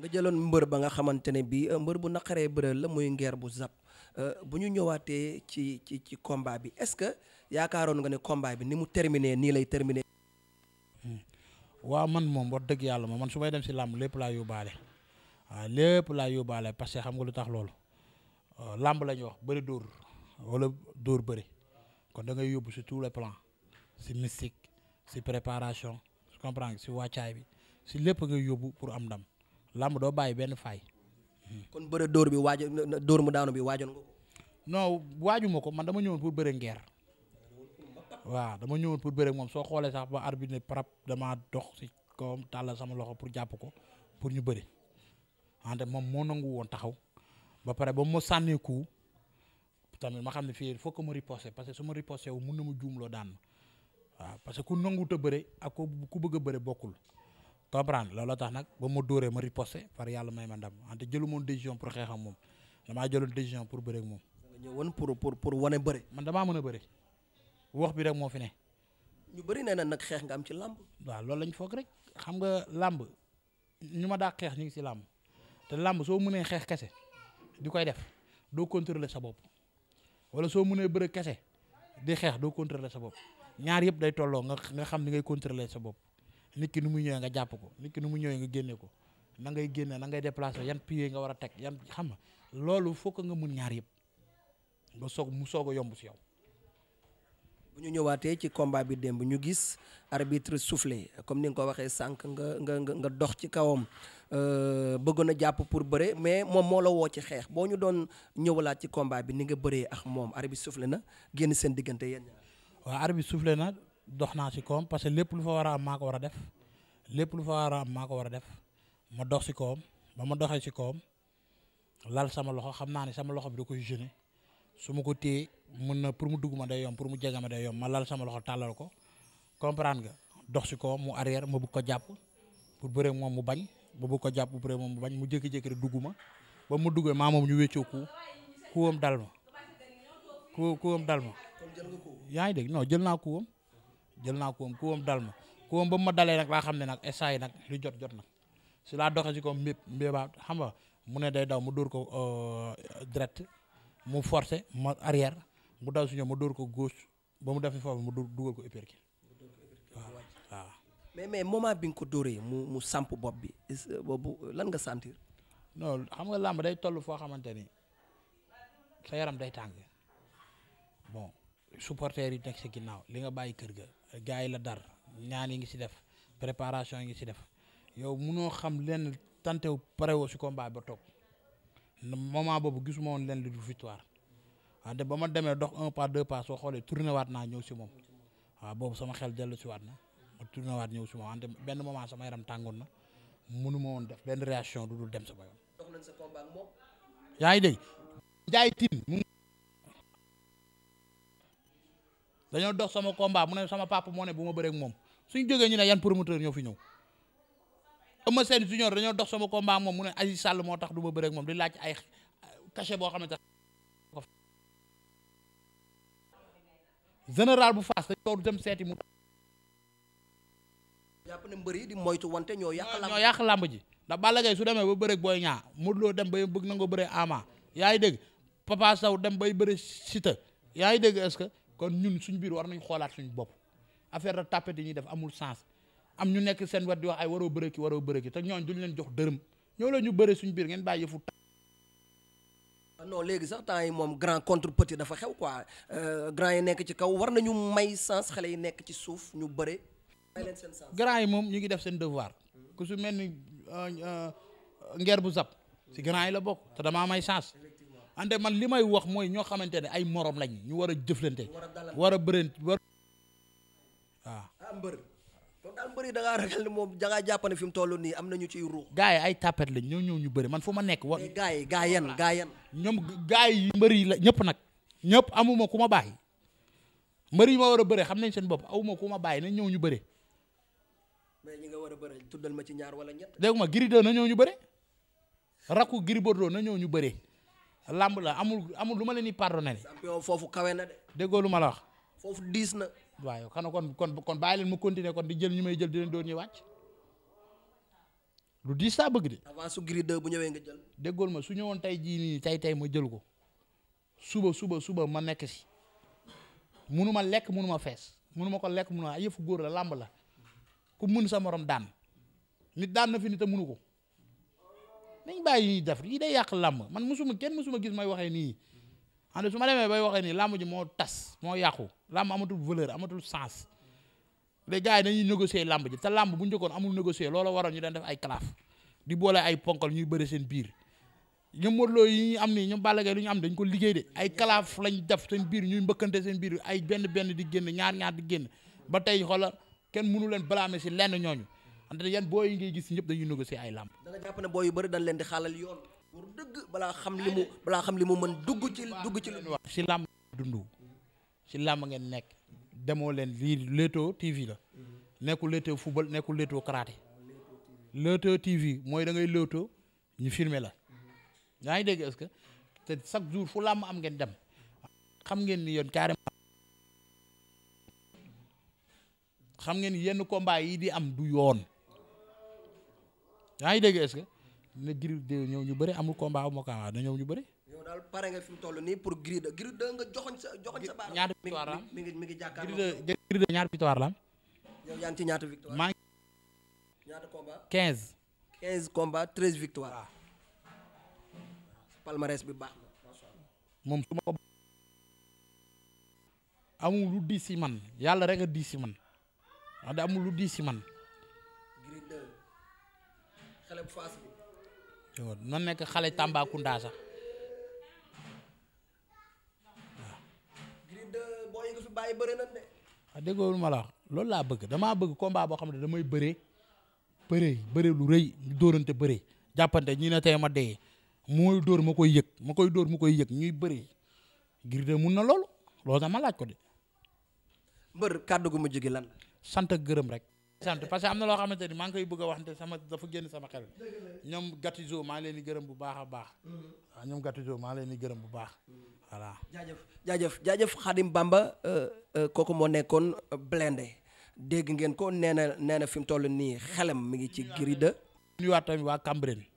nga jëloon mbër ba nga xamante ne bii mbër bu naqaree bëreel la muy ngeer bu zap euh, bu ñu ñëwaatee ci ci ci combat bi est-ce que yaakaaroon nga ne combat bi ni mu terminé nii lay terminé. Hmm. waaw man moom wax dëgg yàlla moom man su may dem si làmb lépp laa yóbbaale waaw lépp laa yóbbaale parce que xam nga lu tax loolu euh, làmb la wax bëri dóor wala dóor bëri kon da yóbbu si le plan plans si mystique si préparation su comprendre si wàccaay bi si lépp ngay yóbbu pour am ndam làmb doo bàyyi benn faay. kon bëre dóor bi waaj dóor mu daanu bi waajoon nga ko. non waajuma ko man dama ñëwoon pour bëre ngeer. waaw dama ñëwoon pour bëre moom soo xoolee sax ba arbitre ne damaa dox si kawam tàllal sama loxo pour jàpp ko pour ñu bëri wante moom moo nangu woon taxaw ba pare ba mu sànneeku tamit ma xam ne fii il faut que ma parce que su ma mun na ma juumloo daan waaw parce que ku nanguwut a bëre ku bëgg a bëre bokkul. comprendre loolu tax nag ba mu dóoree ma riposté par yàlla may ma ndam wante jëlu moon décision pour xeex ak moom damaa jëloon décision pour bëre ak moom. ñëwoon pour pour pour wane bëre. man damaa mën a bëre wax bi rek moo fi ne. ñu bëri nee na nag xeex ngam ci làmb. waaw loolu lañ foog rek xam nga làmb ñu ma daa xeex ñu ngi si làmb te làmb soo mënee xeex kese di koy def doo contrôler sa bopp wala soo mënee bëre kese di xeex doo contrôler sa bopp ñaar yëpp day tolloo nga nga xam ni ngay contrôler sa bopp. nit ki nu muy ñëwee nga jàpp ko nit ki nu muy ñëwee nga génne ko na ngay génne na ngay déplacé yan pied nga war a teg yan xam nga loolu fokk nga mun ñaar yëpp nga soog mu soog a yomb si yow. bu ñu ñëwaatee ci combat bi démb ñu gis arbitre soufflé comme ni nga ko waxee sànq nga nga nga dox ci kawam euh, bëggoon a jàpp pour bëre mais moom moo la woo ci xeex boo ñu doon ñëwalaat ci combat bi ni nga bëree ak moom arbitre soufflé na génn seen diggante yéen ñaar. waaw arbitre soufflé dox naa si koom parce que lépp lu fa war a am maa ko war a def lépp lu fa war maa ko war a def ma dox si koom ba ma doxee si koom lal sama loxo xam naa ne sama loxo bi da koy gêner su ma ko téye mën na pour mu dugg ma day yomb pour mu jege ma day yomb ma lal sama loxo tàllal ko comprendre nga dox si koom mu arrière ma bugg ko jàpp pour bëre moom mu bañ ma bugg ko jàpp pour moom mu bañ mu jékki-jékki dugg ma ba mu duggee maa moom ñu wéccoo ku kuwam dal ma ku kuwam dal ma. yaa ngi dégg non jël naa kuwam. jël naa koom koom dal ma koom ba mu ma dalee nag laa xam ne nag instant yi nag li jot jot nag si laa doxee si ko mbéb mbébaat xam nga mu ne day daw mu dóor ko euh, direct mu forcé ma arrière mu daw si mu dóor ko gauche ba mu defee foofu mu dóor dugal ko uppercut waaw waaw. mais mais moment bi nga ko dóoree mu mu samp bopp bi boobu lan nga sentir. non xam nga làmb day toll foo xamante ni sa yaram day tàng bon supporters yi nekk sa ginnaaw li nga bàyyi kër ga. gars yi la dar ñaan yi ngi si def préparation yi ngi si def yow munoo xam lenn tantew parewoo si combat ba toog moment boobu gisuma woon lenn lu dul victoire wante ba ma demee dox un pas deux pas soo xoolee tourné waat naa ñëw si moom waaw boobu sama xel dellu si waat na ma tourné waat ñëw si moom wante benn moment sama yaram tàngoon na mënu ma woon def benn réaction du dul dem sama yoon. dox nañ sa combat ak dañoo dox sama combat mu ne sama papa moo ne bu ma bëreek moom suñ jógee ñu ne yan promoteur ñoo fi ñëw Eumeu Sène junior dañoo dox sama combat moom mu ne Aziz Sall moo tax du ma bëreek moom di laaj ay cachet boo xamante général bu Fass dañ dem seeti mu jàpp ne mbër moytu wante ñoo yàq làmb yàq làmb ji ndax Balla Gaye su demee ba bëre booy ñaa mu Lo dem ba bëgg na nga bëre ama yaa ngi dégg Papa Sow dem bay bëre Siteu yaa ngi dégg est kon ñun suñ biir war nañ xoolaat suñ bopp affaire de tapette yi def amul sens am ñu nekk seen wet di wax ay waroo bëre ki waroo bëre ki te ñooñ duñ leen jox dërëm ñoo la ñu bëre suñ biir ngeen bàyyi yëfu non léegi sax temps yi moom grand contre petit dafa xew quoi euh, grand yi nekk ci kaw war nañu may sens xale yi nekk ci suuf ñu bëre may leen grand yi moom ñu ngi def seen devoir ku su mel ni euh, euh, ngeer bu sab si grand yi la bokk te damaa may sens ande man li may wax mooy ñoo xamante ne ay moroom lañ ñu war a jëflante. war a bërënt war waaw. ah mbër kon daal mbër yi da ngaa ragal ni moom fi mu toll nii am na ñu ciy ruux. gars ay tapet lañ ñoo ñëw ñu bëri man fu ma nekk. war gars yi gars yan gars ñoom gars yi mbër yi la ñëpp nag ñëpp amuma ku ma bàyyi mbër yi war a bëre xam nañ seen bopp amuma ku ma bàyyi na ñëw ñu bëre. mais ñi nga war a bëre tuddal ma ci ñaar wala ñett. dégg ma Gris na ñëw ñu bëre rakku Gris Bordeaux na ñëw ñu bëre làmb la amul amul lu ma leen di pardonné. champion foofu kawe na de. déggoo lu ma la wax. foofu diis na. waaw xanaa kon kon kon bàyyi leen mu continuer kon di jël ñu may jël di leen doon ñuy wàcc lu diis saa bëgg de. avant su Gris 2 bu ñëwee nga jël. déggoo ma su ñëwoon tey jii nii tey tey ma jël ko suba suba suba ma nekk si munu ma lekk munu ma fees munu ma ko lekk munu ma yëfu góor la làmb la ku mun sa moroom daan nit daan na fi nit a munu ko. nañ bàyyi ñuy def lii day yàq làmb man musuma kenn musuma gis may waxee nii ande su ma demee bay waxee nii làmb ji moo tas moo yàqu làmb amatul valeur amatul sens les gars yi dañuy négocier làmb ji te làmb bu njëkkoon amul négocier loola waroon ñu daan def ay kalaaf di boole ay ponkal ñuy bëri seen biir ñoom Modou am nii ñoom Balla lu ñu am dañ ko liggéey de ay kalaaf lañ def seen biir ñuy mbëkkante seen biir ay benn benn di génn ñaar ñaar di génn ba tey xoola kenn mënu leen blâmer si lenn ñooñu xante yan booy yi ngay gis ñëpp dañuy négocier ay làmb. da nga jàpp ne booy yu bëri dañ leen di yoon. pour dëgg balaa xam li mu xam li mu mën dugg ci dugg ci. si làmb dund si làmb ngeen nekk demoo leen lii Leewtoo TV la nekkul Leewtoo nekkul Leewtoo karaté Leewtoo mooy da ngay Leewtoo ñu filmer la yaa ngi dégg est te chaque jour fu làmb am ngeen dem xam ngeen ni yoon carrément xam ngeen yenn combat yi di am du yoon yaa ngi dégg est-ce que ne Gris 2 ñëw ñu bëri amul combat bu ma ñëw ñu bëri. yow fi mu toll nii pour Gris 2 Gris 2 nga joxoñ ngi mi ngi jàkkaarloo Gris 2 ñaata victoire la ñaata victoire. maa ngi ñaata combat. 15. 15 combat 13 ah. bi baax moom su ma ko. amul lu diis si man yàlla rek a diis si man wax de amul lu diis si man. xale bu faas xale Tambacounda sax. waaw. Gris 2 booy yi nga fi de. ah déggoo ma la wax loolu laa bëgg damaa bëgg combat boo xam ne damay bëree bëree bëree lu rëy ñu dóorante bëree jàppante ñi ne dee mooy dóor ma koy yëg ma koy dóor ma koy yëg ñuy bëree Gris 2 mun na loolu loolu dama laaj ko de. mbër kàddu gu mujj gi lan. sant gërëm rek. sant parce que am na loo xamante ni maa ngi koy bëgg a wax te sama dafa génn sama xel ñoom Gatizo maa leen di gërëm bu baax a baax waaw ñoom Gatizo maa ngi leen di gërëm bu baax voilà jaajëf jaajëf jaajëf Khadim Bamba euh, euh, kooku moo nekkoon blende dégg ngeen ko nee na nee na fi mu toll nii xelam mi ngi ci Gris 2 nuyuwaat tamit waa Cambérène